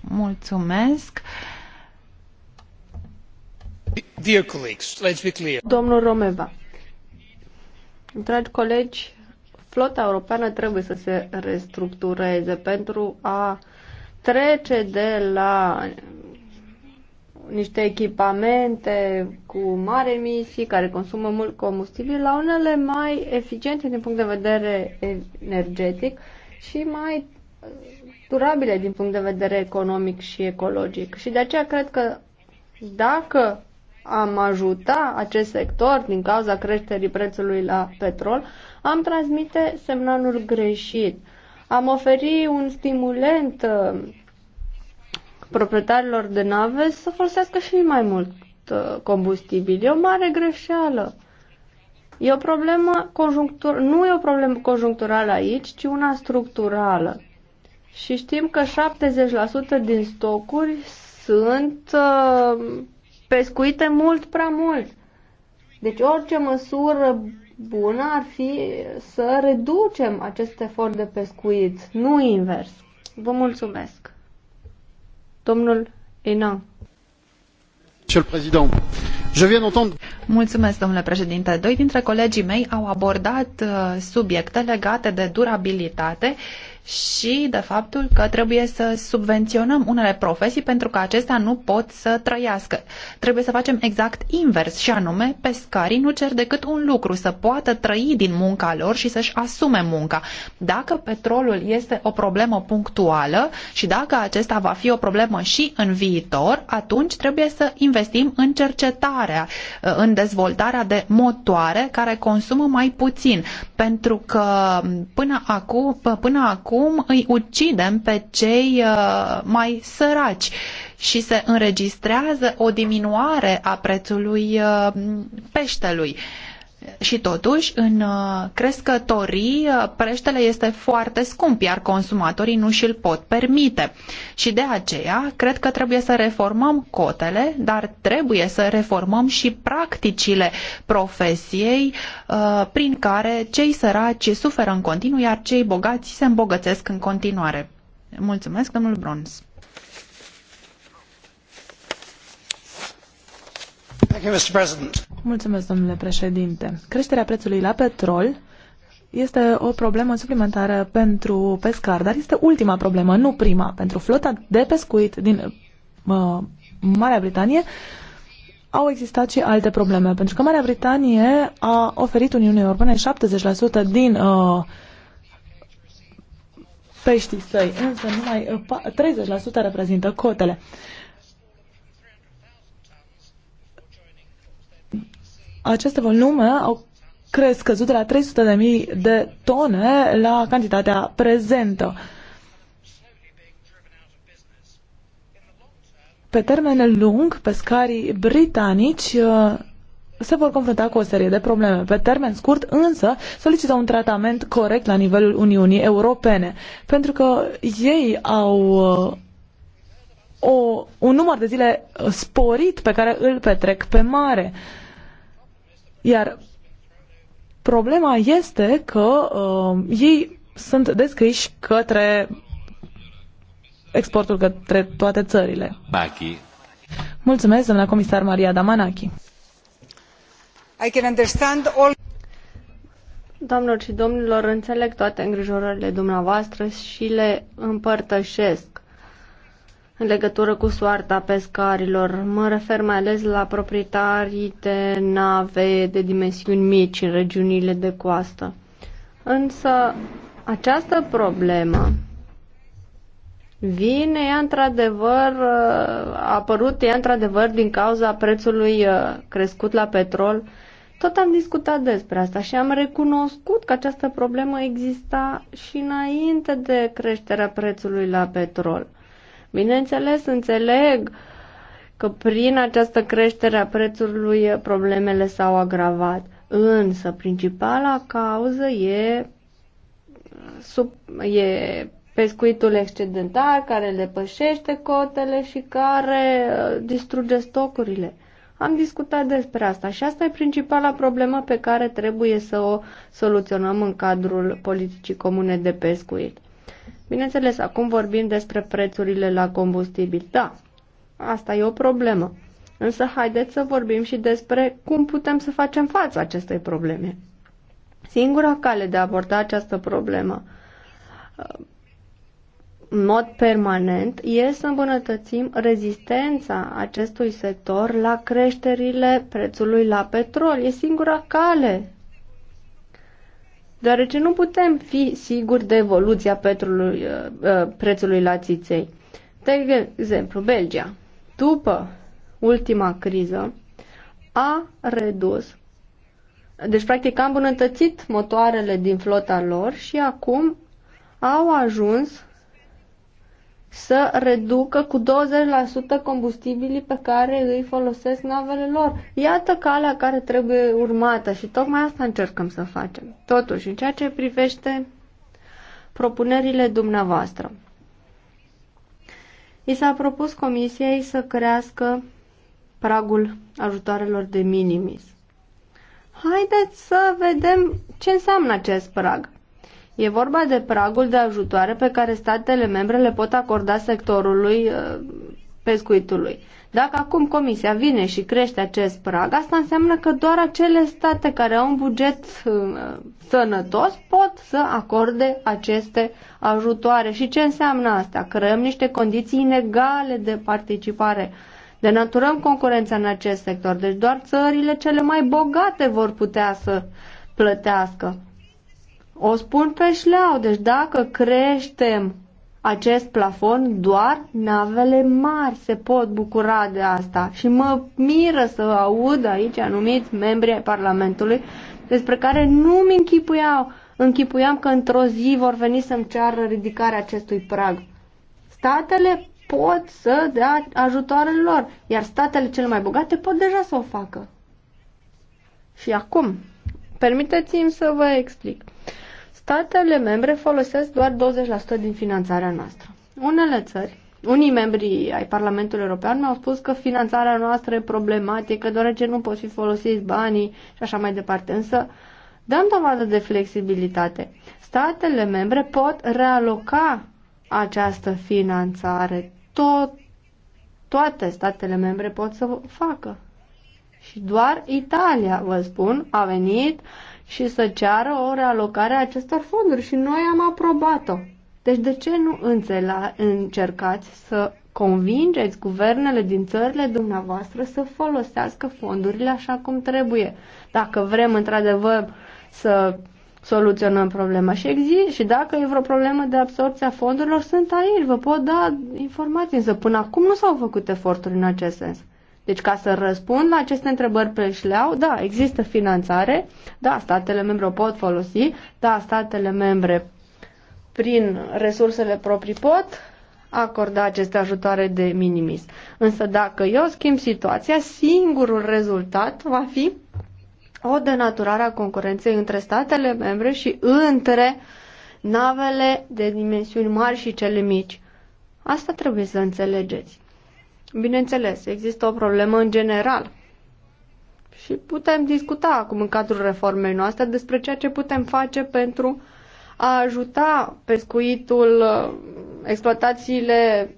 Mulțumesc! Dear colleagues, let's be clear. Domnul Romeva, Dragi colegi, flota europeană trebuie să se restructureze pentru a trece de la niște echipamente cu mare emisii, care consumă mult combustibil, la unele mai eficiente din punct de vedere energetic și mai durabile din punct de vedere economic și ecologic. Și de aceea cred că dacă am ajuta acest sector din cauza creșterii prețului la petrol, am transmite semnalul greșit. Am oferit un stimulent uh, proprietarilor de nave să folosească și mai mult uh, combustibil. E o mare greșeală. E o problemă conjunctur- nu e o problemă conjuncturală aici, ci una structurală. Și știm că 70% din stocuri sunt uh, pescuite mult prea mult. Deci orice măsură bună ar fi să reducem acest efort de pescuit, nu invers. Vă mulțumesc. Domnul Enan. Monsieur le Président, je viens d'entendre... Mulțumesc, domnule președinte. Doi dintre colegii mei au abordat uh, subiecte legate de durabilitate și de faptul că trebuie să subvenționăm unele profesii pentru că acestea nu pot să trăiască. Trebuie să facem exact invers și anume pescarii nu cer decât un lucru, să poată trăi din munca lor și să-și asume munca. Dacă petrolul este o problemă punctuală și dacă acesta va fi o problemă și în viitor, atunci trebuie să investim în cercetarea, uh, în dezvoltarea de motoare care consumă mai puțin, pentru că până acum, până acum cum îi ucidem pe cei uh, mai săraci și se înregistrează o diminuare a prețului uh, peștelui. Și totuși, în uh, crescătorii, uh, preștele este foarte scump, iar consumatorii nu și-l pot permite. Și de aceea, cred că trebuie să reformăm cotele, dar trebuie să reformăm și practicile profesiei uh, prin care cei săraci suferă în continuu, iar cei bogați se îmbogățesc în continuare. Mulțumesc, domnul Brons. Thank you, Mr. President Mulțumesc, domnule președinte. Creșterea prețului la petrol este o problemă suplimentară pentru pescar, dar este ultima problemă, nu prima. Pentru flota de pescuit din uh, Marea Britanie au existat și alte probleme, pentru că Marea Britanie a oferit Uniunii Europene 70% din uh, peștii săi, însă numai 30% uh, reprezintă cotele. Uh, aceste volume au crescut de la 300.000 de tone la cantitatea prezentă. Pe termen lung, pescarii britanici uh, se vor confrunta cu o serie de probleme. Pe termen scurt, însă, solicită un tratament corect la nivelul Uniunii Europene, pentru că ei au uh, o, un număr de zile sporit pe care îl petrec pe mare. Uh, iar problema este că uh, ei sunt descriși către exportul către toate țările. Bachi. Mulțumesc, doamna comisar Maria Damanaki. I can understand all... Doamnelor și domnilor, înțeleg toate îngrijorările dumneavoastră și le împărtășesc în legătură cu soarta pescarilor. Mă refer mai ales la proprietarii de nave de dimensiuni mici în regiunile de coastă. Însă această problemă vine, ea într-adevăr, a apărut ea într-adevăr din cauza prețului uh, crescut la petrol. Tot am discutat despre asta și am recunoscut că această problemă exista și înainte de creșterea prețului la petrol. Bineînțeles, înțeleg că prin această creștere a prețului problemele s-au agravat, însă principala cauză e, sub, e pescuitul excedentar care depășește cotele și care uh, distruge stocurile. Am discutat despre asta și asta e principala problemă pe care trebuie să o soluționăm în cadrul politicii comune de pescuit. Bineînțeles, acum vorbim despre prețurile la combustibil. Da, asta e o problemă. Însă haideți să vorbim și despre cum putem să facem față acestei probleme. Singura cale de a aborda această problemă uh, în mod permanent e să îmbunătățim rezistența acestui sector la creșterile prețului la petrol. E singura cale deoarece nu putem fi siguri de evoluția petrolului, uh, uh, prețului la țiței. De exemplu, Belgia, după ultima criză, a redus, deci practic a îmbunătățit motoarele din flota lor și acum au ajuns să reducă cu 20% combustibilii pe care îi folosesc navele lor. Iată calea care trebuie urmată și tocmai asta încercăm să facem. Totuși, în ceea ce privește propunerile dumneavoastră, i s-a propus Comisiei să crească pragul ajutoarelor de minimis. Haideți să vedem ce înseamnă acest prag. E vorba de pragul de ajutoare pe care statele membre le pot acorda sectorului uh, pescuitului. Dacă acum Comisia vine și crește acest prag, asta înseamnă că doar acele state care au un buget uh, sănătos pot să acorde aceste ajutoare. Și ce înseamnă asta? Creăm niște condiții inegale de participare. Denaturăm concurența în acest sector. Deci doar țările cele mai bogate vor putea să plătească. O spun pe șleau, deci dacă creștem acest plafon, doar navele mari se pot bucura de asta. Și mă miră să aud aici anumiți membri ai Parlamentului despre care nu mi închipuiau, închipuiam că într-o zi vor veni să-mi ceară ridicarea acestui prag. Statele pot să dea ajutoarele lor, iar statele cele mai bogate pot deja să o facă. Și acum, permiteți-mi să vă explic. Uh, statele membre folosesc doar 20% din finanțarea noastră. Unele țări, unii membri ai Parlamentului European mi-au spus că finanțarea noastră e problematică, deoarece nu pot fi folosiți banii și așa mai departe. Însă, dăm dovadă de flexibilitate. Statele membre pot realoca această finanțare. Tot, toate statele membre pot să o facă. Și doar Italia, vă spun, a venit și să ceară o realocare a acestor fonduri și noi am aprobat-o. Deci de ce nu înțela, încercați să convingeți guvernele din țările dumneavoastră să folosească fondurile așa cum trebuie? Dacă vrem într-adevăr să soluționăm problema și există și dacă e vreo problemă de absorbție a fondurilor, sunt aici, vă pot da informații, însă până acum nu s-au făcut eforturi în acest sens. Deci ca să răspund la aceste întrebări pe șleau, da, există finanțare, da, statele membre o pot folosi, da, statele membre prin resursele proprii pot acorda aceste ajutoare de minimis. Însă dacă eu schimb situația, singurul rezultat va fi o denaturare a concurenței între statele membre și între navele de dimensiuni mari și cele mici. Asta trebuie să înțelegeți. Bineînțeles, există o problemă în general. Și putem discuta acum în cadrul reformei noastre despre ceea ce putem face pentru a ajuta pescuitul, uh, exploatațiile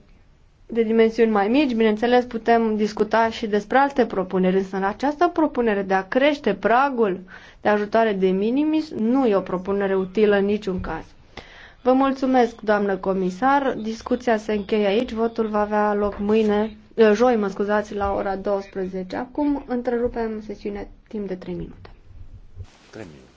de dimensiuni mai mici. Bineînțeles, putem discuta și despre alte propuneri, însă în această propunere de a crește pragul de ajutoare de minimis nu e o propunere utilă în niciun caz. Vă mulțumesc, doamnă comisar. Discuția se încheie aici. Votul va avea loc mâine Eh, joi, mă scuzați, la ora 12. Acum întrerupem sesiunea timp de 3 minute. 3 minute.